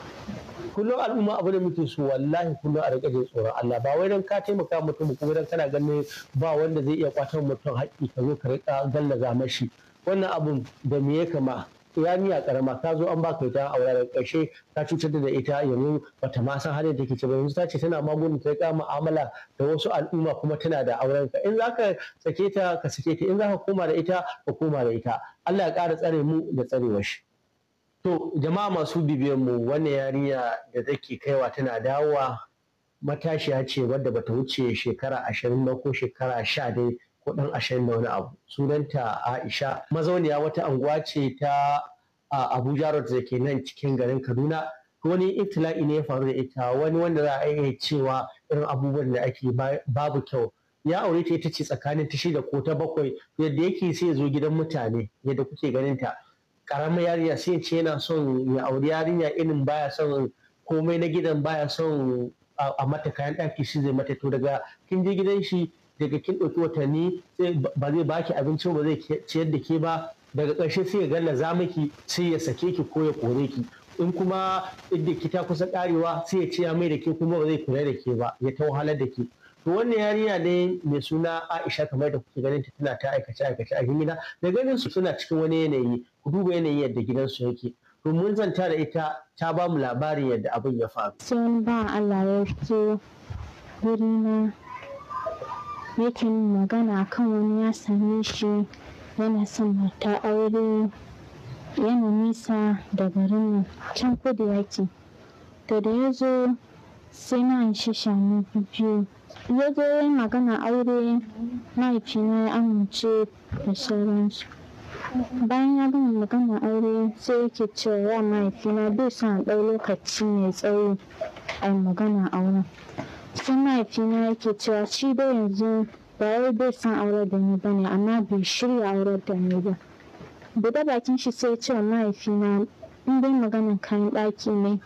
kullum al'umma abu da muke so wallahi kullum a rika jin tsoron Allah ba wai dan ka taimaka mutum kuma dan kana ganin ba wanda zai iya kwatar mutum haƙƙi ka zo ka rika gallaza mashi wannan abun da me ya kama yarinya karama ta zo an baka ita a wuraren ƙarshe ta cutar da ita yanzu bata ma san halin da take ci yanzu ta ce tana magunin ta kama mu'amala da wasu al'umma kuma tana da auren ka in zaka sake ta ka sake ta in zaka koma da ita ka koma da ita Allah ya ƙara tsare mu da tsarewar shi to jama'a masu bibiyan mu wannan yarinya da take kaiwa tana dawowa matashiya ce wadda bata wuce shekara ashirin ba ko shekara sha dai ko ɗan ashirin da wani abu sunanta aisha mazauniya wata anguwa ce ta abuja road da ke nan cikin garin kaduna wani itila'i ne ya faru da ita wani wanda za a iya cewa irin abubuwan da ake babu kyau ya aure ta ita ce tsakanin ta shida ko ta bakwai yadda yake sai ya zo gidan mutane yadda kuke ganin ta karamar yarinya sai ya ce yana son ya auri yarinya irin baya son komai na gidan baya son a mata kayan ɗaki shi zai mata to daga kin je gidan shi daga kin ɗauki watanni sai ba zai baki abincin ba zai ciyar da ke ba daga ƙarshe sai ya gallaza miki sai ya sake ki ko ya kore ki in kuma inda ki ta kusa karewa sai ya ciya mai da ke kuma ba zai kula da ke ba ya ta wahalar da ke to wannan yarinya ne mai suna Aisha kamar da kuke ganin ta tana ta aikace aikace a gida da ganin su suna cikin wani yanayi ku duba yanayin yadda gidansu yake to mun zanta da ita ta ba mu labarin yadda abin ya faru sun ba Allah ya ce wurina yake magana kan wani ya same shi yana son mata aure yana nisa da garin nan can kudu yake to da ya zo sai na shi shanu biyu ya zo magana aure mahaifina ya amince da sauransu bayan ya gama magana aure sai yake cewa mahaifina bai son a ɗau lokaci mai tsawo a magana auren sai mahaifina yake cewa shi da yanzu ba wai bai san aure da ni ba ne amma bai shirya aure da ni ba buɗe bakin shi sai cewa mahaifina in dai maganin kayan ɗaki ne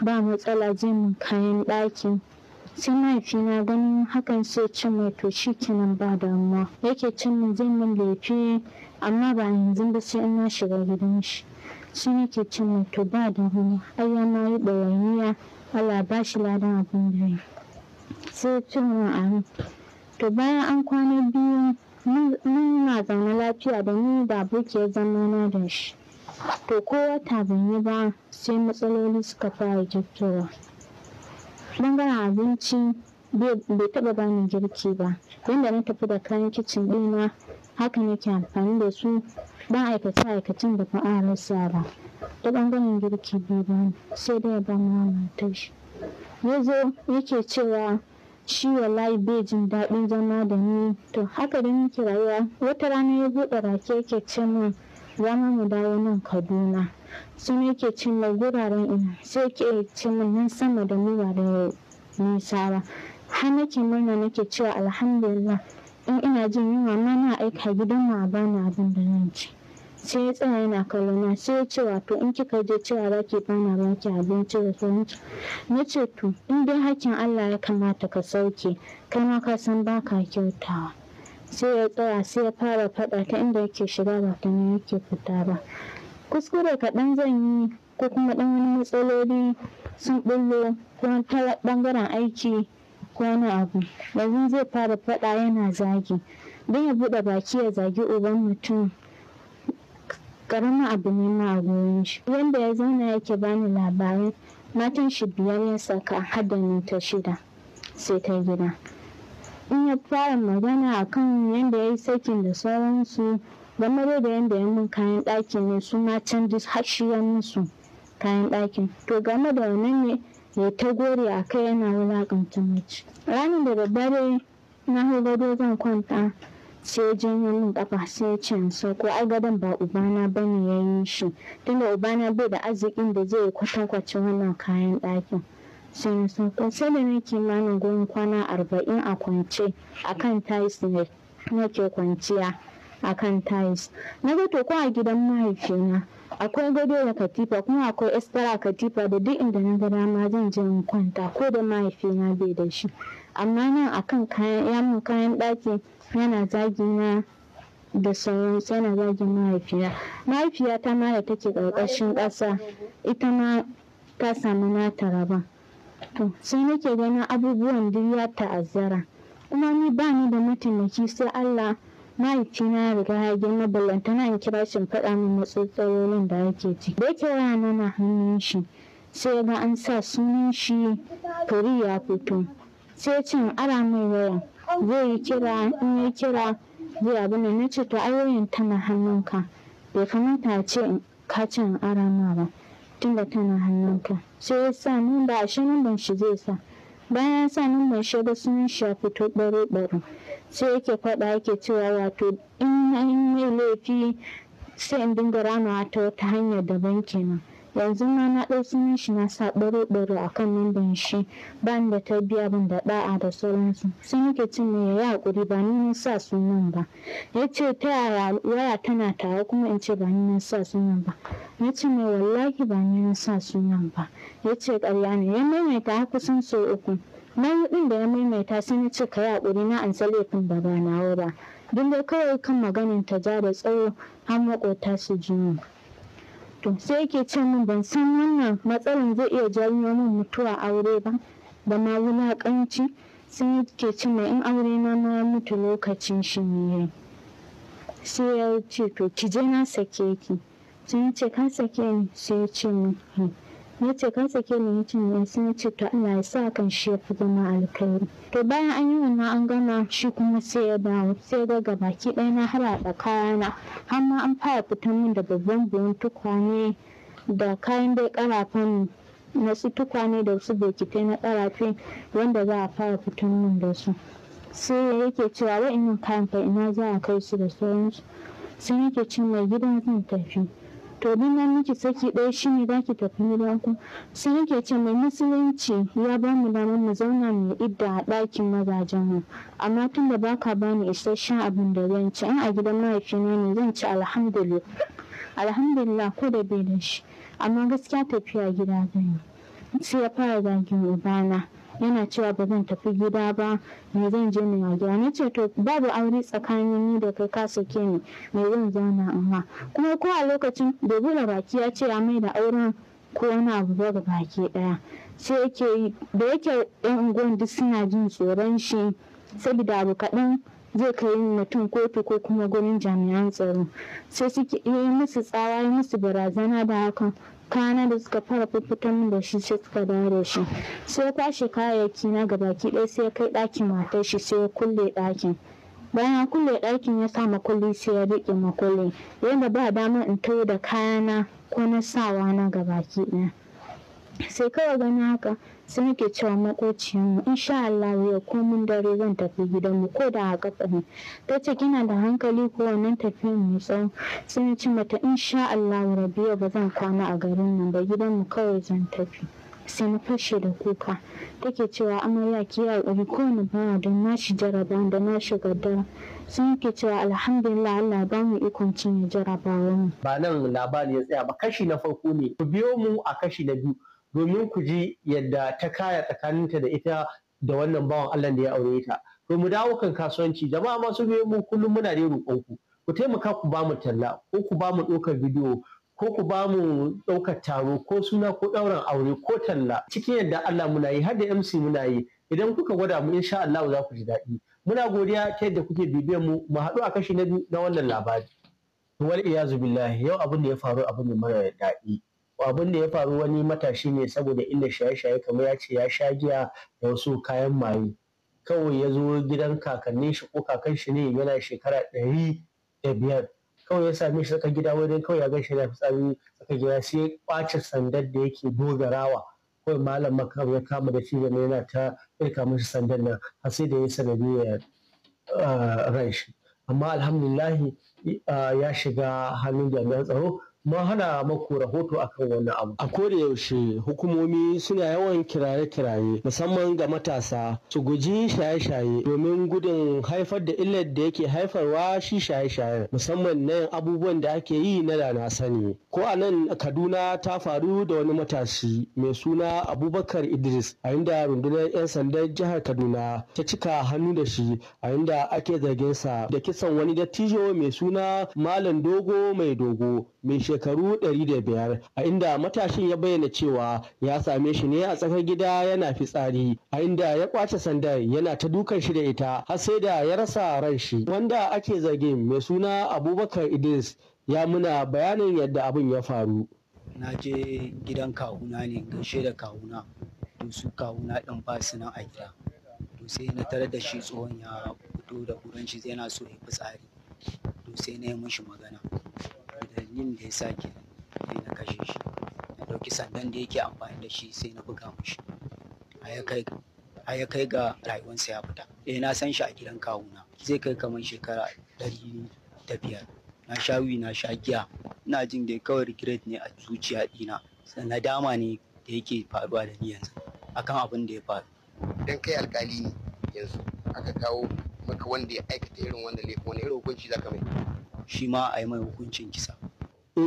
ba matsala je mun kayan ɗakin sai mahaifina ganin hakan sai ce mai to shi kenan ba damuwa yake cin min zai min laifi amma ba yanzu ba sai in na shiga gidan shi shi yake cin min to ba damuwa ai ya ma yi ɗawainiya Allah ba shi ladan abin da yi sai cin an to bayan an kwana biyu na zaune lafiya da ni da abokiyar zamana da shi to ko wata ban yi ba sai matsaloli suka fara jirkiwa bangaren abinci bai taɓa bani girki ba yadda na tafi da kayan kicin ɗina haka nake amfani da su ba aikace aikacin da ba a rasa ba ta bangaren girki bai bani sai dai ya ba shi ya zo yake cewa shi wallahi bai jin daɗin zama da ni to haka da muke rayuwa wata rana ya buɗe rake yake ce min za mu dawo nan kaduna sun yake ce min guraren ina sai yake ce min nan sama da mu ba da nisa ba har nake murna nake cewa alhamdulillah in ina jin yunwa ma na aika gidan mu a bani abin da zan ci sai ya tsaya yana kallo na sai ya ce wato in kika je cewa za ki bana ba ki abinci da sauran na ce to in dai hakkin Allah ya kamata ka sauke kai ma ka san ba ka kyautawa sai ya tsaya sai ya fara faɗa ta inda yake shiga ba ta nan yake fita ba kuskure kaɗan zan yi ko kuma ɗan wani matsaloli sun ɓullo ko ta ɓangaren aiki ko wani abu yanzu zai fara faɗa yana zagi don ya buɗe baki ya zagi uban mutum karamin abu ne na a shi yadda ya zauna yake bani labarin matan shi biyar ya saka hadanin ta shida sai ta gida in ya fara magana akan yadda ya yi sakin da sauransu game da yadda ya mun kayan ɗakin ne su ma can hashiyar musu kayan ɗakin to game da wannan ne ya ta gore a kai yana wulaƙanta mace ranar da daddare na hau gado zan kwanta sai janyo min kafa sai can sauko ai gadon ba ubana bane ya yi shi tunda ubana bai da arzikin da zai kwatankwacin wannan kayan ɗakin sai na sauko sai da na kimanin gurin kwana arba'in a kwance a kan tiles ne nake kwanciya a kan tiles na ga to ko a gidan mahaifina akwai gado da katifa kuma akwai estara katifa da duk inda na ga dama zan je kwanta ko da mahaifina bai da shi amma nan akan kayan yamin kayan ɗakin. yana zagina da sauran yana zagin mahaifiya mahaifiya ta ma da take ƙarƙashin ƙasa ita ma ta samu nata rabon to sai nake ganin abubuwan duk ya ta'azzara kuma ni ba ni da mataimaki sai Allah mahaifina ya riga ya girma ballantana in kira shi faɗa min matsatsayoyin da yake ci da yake rana nuna hannun shi sai ga an sa sunan shi fari ya fito sai cin ara mai wayan zai yi kira in ya kira zai abin ne na ce to ayoyin tana hannunka bai kamata a ce ka ce in arama ba tunda tana hannunka sai ya sa nan ba a shi nan shi zai sa bayan ya sa nan ban shi ba sun sha fito ɓare-ɓare sai yake faɗa yake cewa wato in an yi laifi sai in dinga ranawa ta wata hanyar daban kenan yanzu ma na ɗau sunan shi na sa ɓare ɓare a kan lamban shi ba ni da tarbiyya ban da ɗa'a da sauransu sun yake cin mai ya hakuri ba ni na sa sunan ba ya ce ta yaya waya tana tare kuma in ce ba ni na sa sunan ba Ya ce mai wallahi ba ni na sa sunan ba ya ce ƙarya ne ya maimaita har kusan sau uku na ɗin da ya maimaita sai na ce ka yi haƙuri na ansa laifin da ba nawa ba duk dai kawai kan maganin ta ja da tsawo an maƙota su ji to sai yake ce min ban san wannan matsalan zai iya janyo min mutuwa aure ba da ma wulaƙanci sai ke ce mai in aure na ma mutu lokacin shi ne sai ya ce to ki je na sake ki sai ce ka sake ni sai ya ce min hmm. ya ce kan sake ni mutum ne sun ce to Allah ya sa kan shi ya fi zama alkhairi to bayan an yi wannan an gama shi kuma sai ya dawo sai ga gabaki ɗaya na har a kayana har ma an fara fitan min da babban buhun tukwane da kayan karafa ni na su tukwane da su bokitai na karafe wanda za a fara fitan min da su sai yake cewa wa'innan kayan fa ina za a kai su da sauransu sai yake ce mai gidan zan tafi to din nan miki saki ɗaya shine za ki tafi ku sai nake ce mai musulunci ya ba mu damar mu zauna mu idda a ɗakin magajen mu amma tun da baka bani isasshen abin da zan ci in a gidan mahaifina ne zan ci alhamdulillah alhamdulillah ko da bai da shi amma gaskiya tafiya gida zan yi sai ya fara zagin ubana yana cewa ba zan tafi gida ba me zan je ne gida na ce to babu aure tsakanin ni da kai ka sake ni me zan zauna amma kuma ko a lokacin bai da baki ya ce a mai da auren ko wani abu ba ga baki ɗaya. sai yake yi da yake yan unguwan duk suna jin tsoron shi saboda abu kaɗan zai kai mutum kotu ko kuma gurin jami'an tsaro sai suke yi musu tsawa yi musu barazana da hakan kana da suka fara fita min da shi sai suka dare shi sai ya kwashe kayayyaki na ki ɗaya sai ya kai ɗakin matar shi sai ya kulle ɗakin bayan kulle ɗakin ya sa makulli sai ya riƙe makulli yadda ba dama in tayo da kayana ko na sawa na ki ɗaya sai kawai gani haka sai muke cewa makociyarmu insha Allah yau ko komin dare zan tafi gidanmu ko da a kafa ne ta ce kina da hankali ko wannan tafiyan mu tsawo sai na ce mata insha Allah rabiya ba zan kwana a garin nan ba gidanmu kawai zan tafi sai na fashe da kuka take cewa amarya ki yi ko kowane baya don na shi jaraba da na shi da sun ke cewa alhamdulillah Allah ba mu ikon cinye mu. ba nan labarin ya tsaya ba kashi na farko ne ku biyo mu a kashi na biyu domin ku ji yadda ta kaya tsakaninta da ita da wannan bawan Allah da ya aure ta to mu dawo kan kasuwanci jama'a masu biyo mu kullum muna da roƙon ku ku taimaka ku ba mu talla ko ku ba mu ɗaukar bidiyo ko ku ba mu ɗaukar taro ko suna ko ɗaurin aure ko talla cikin yadda Allah muna yi har da MC muna yi idan kuka gwada mu insha Allah za ku ji daɗi muna godiya ta yadda kuke bibiyan mu mu haɗu a kashi na biyu na wannan labari wal iyazu billahi yau abin da ya faru abin ne mara daɗi abin da ya faru wani matashi ne saboda inda shaye-shaye kamar ya ce ya sha giya da wasu kayan maye kawai ya zo gidan kakannin shi ko kakan shi ne yana shekara ɗari da biyar kawai ya same shi saka gida wani kawai ya gashi da fitsari saka gida sai ya ƙwace sandar da yake dogarawa kawai malam makar ya kama da shi ne yana ta irka mashi sandar na? har sai da ya ya ah, ran shi amma alhamdulilahi ah, ya shiga hannun jami'an tsaro mun hana maku rahoto akan wani abu a koda yaushe hukumomi suna yawan kiraye-kiraye musamman ga matasa su guji shaye-shaye domin gudun haifar da illar da yake haifarwa shi shaye shaye musamman na yin abubuwan da ake yi na da sani ko a nan kaduna ta faru da wani matashi mai suna abubakar idris a inda rundunar 'yan sandan jihar kaduna ta cika hannu da shi a inda ake zargin sa da kisan wani dattijo mai suna malam dogo mai dogo mai shekaru 105 a inda matashin ya bayyana cewa ya same shi ne a tsakar gida yana fitsari a inda ya kwace sanda yana ta dukan shi da ita har sai da ya rasa ran shi wanda ake zargin mai suna abubakar idris ya muna bayanin yadda abin ya faru na je gidan kawuna ne gaishe da kawuna to su kawuna ɗin ba su nan a gida to sai na tarar da shi tsohon ya fito da wurin shi yana so ya fitsari to sai na yi mishi magana dalilin da ya sa kenan sai na kashe shi na ɗauki sandan da yake amfani da shi sai na buga mushi. A ya kai ga rayuwarsa ya fita eh na san shi a gidan kawuna zai kai kamar shekara ɗari da biyar na sha wi na sha giya ina jin dai kawai regret ne a zuciya ɗina na dama ne da yake faruwa da ni yanzu akan abin da ya faru idan kai alkali ne yanzu aka kawo maka wanda ya aikata irin wanda laifin wani irin hukunci zaka mai shi ma a yi mai hukuncin kisa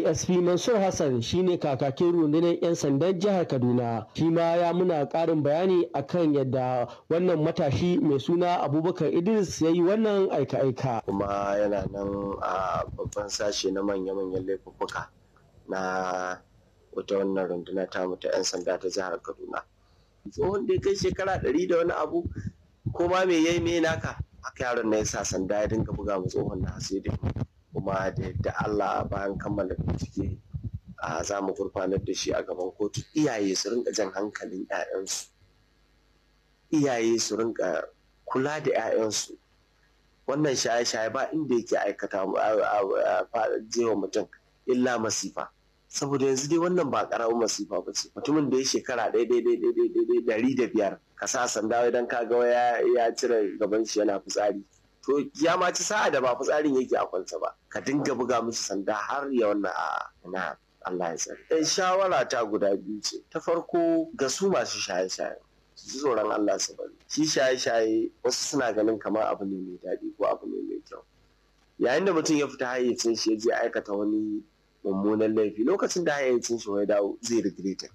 asp mansur hassan shine kakakin rundunar 'yan sandan jihar kaduna shi ma ya muna karin bayani akan yadda wannan matashi mai suna abubakar idris ya yi wannan aika-aika kuma yana nan a babban sashe na manya-manyan laifuka na wata wannan runduna ta ta 'yan sanda ta jihar kaduna tsohon da kai shekara ɗari da wani abu ko ma me yayi mai naka haka yaron na ya sa sanda ya dinga buga mu tsohon na hasiri kuma da yadda Allah bayan kammala bincike a za mu gurfanar da shi a gaban kotu iyaye su rinka jan hankalin 'ya'yansu iyaye su rinka kula da 'ya'yansu wannan shaye-shaye ba inda yake aikata jewa mutum illa masifa saboda yanzu dai wannan ba karamin masifa ba ce mutumin da ya shekara ɗaya ɗaya ɗari da biyar ka sa sanda idan ka ga ya cire gaban shi yana fitsari to ya ma ci sa'a da ba fitsarin yake a kwanta ba ka dinga buga musu sanda har ya wannan a na Allah ya tsare ɗan shawara ta guda biyu ce ta farko ga su masu shaye-shaye su ji tsoron Allah su bari shi shaye-shaye wasu suna ganin kamar abu ne mai daɗi ko abu ne mai kyau yayin da mutum ya fita hayyacin shi ya je aikata wani mummunan laifi lokacin da hayyacin shi ya dawo zai rigireta.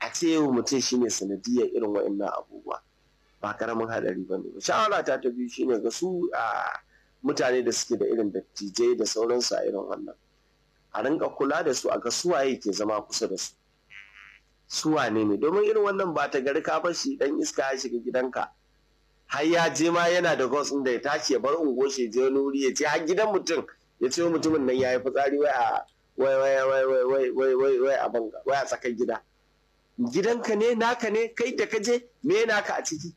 a ce mutum shine sanadiyar irin wa'annan abubuwa ba karamin hadari ba ne shawara ta ta biyu shine ga su a mutane da suke da irin dattijai da sauransu a irin wannan a rinka kula da su a ga suwaye ke zama kusa da su suwa ne ne domin irin wannan ba ta gari ka shi dan iska ya shiga gidanka har ya je ma yana da gos da ya tashi ya bar ungoshe je wani ya ce har gidan mutum ya ce mutumin nan ya yi fitsari wai a wai wai wai wai wai wai wai a banga wai a tsakar gida gidanka ne naka ne kai da ka je? me naka a ciki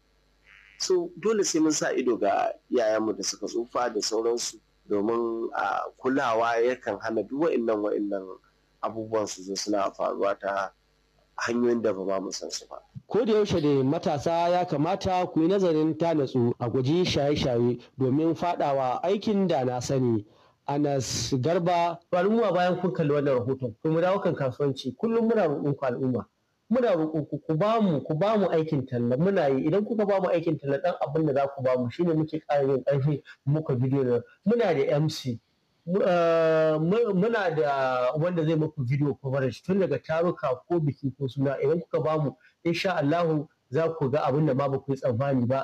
so dole sai mun sa ido ga yayanmu da suka tsufa da sauransu domin a kulawa yakan hana duk wa'innan wa'innan abubuwan su zo suna faruwa ta hanyoyin da ba mu san su ba. Ko da yaushe da matasa ya kamata ku yi nazarin ta natsu a guji shaye-shaye domin fadawa aikin da na sani. Anas Garba. Al'umma bayan kun kalli wannan rahoton, kuma dawo kan kasuwanci kullum muna roƙon al'umma muna roƙon ku ku bamu ku bamu aikin talla muna yi idan kuka bamu aikin talla dan abin da za ku bamu shine muke ƙara yin ƙarfi muka bidiyo muna da MC eh, muna da wanda zai muku video coverage tun daga taruka ko biki ko suna idan kuka bamu insha Allahu za ku ga abin da ma ba ku yi tsammani ba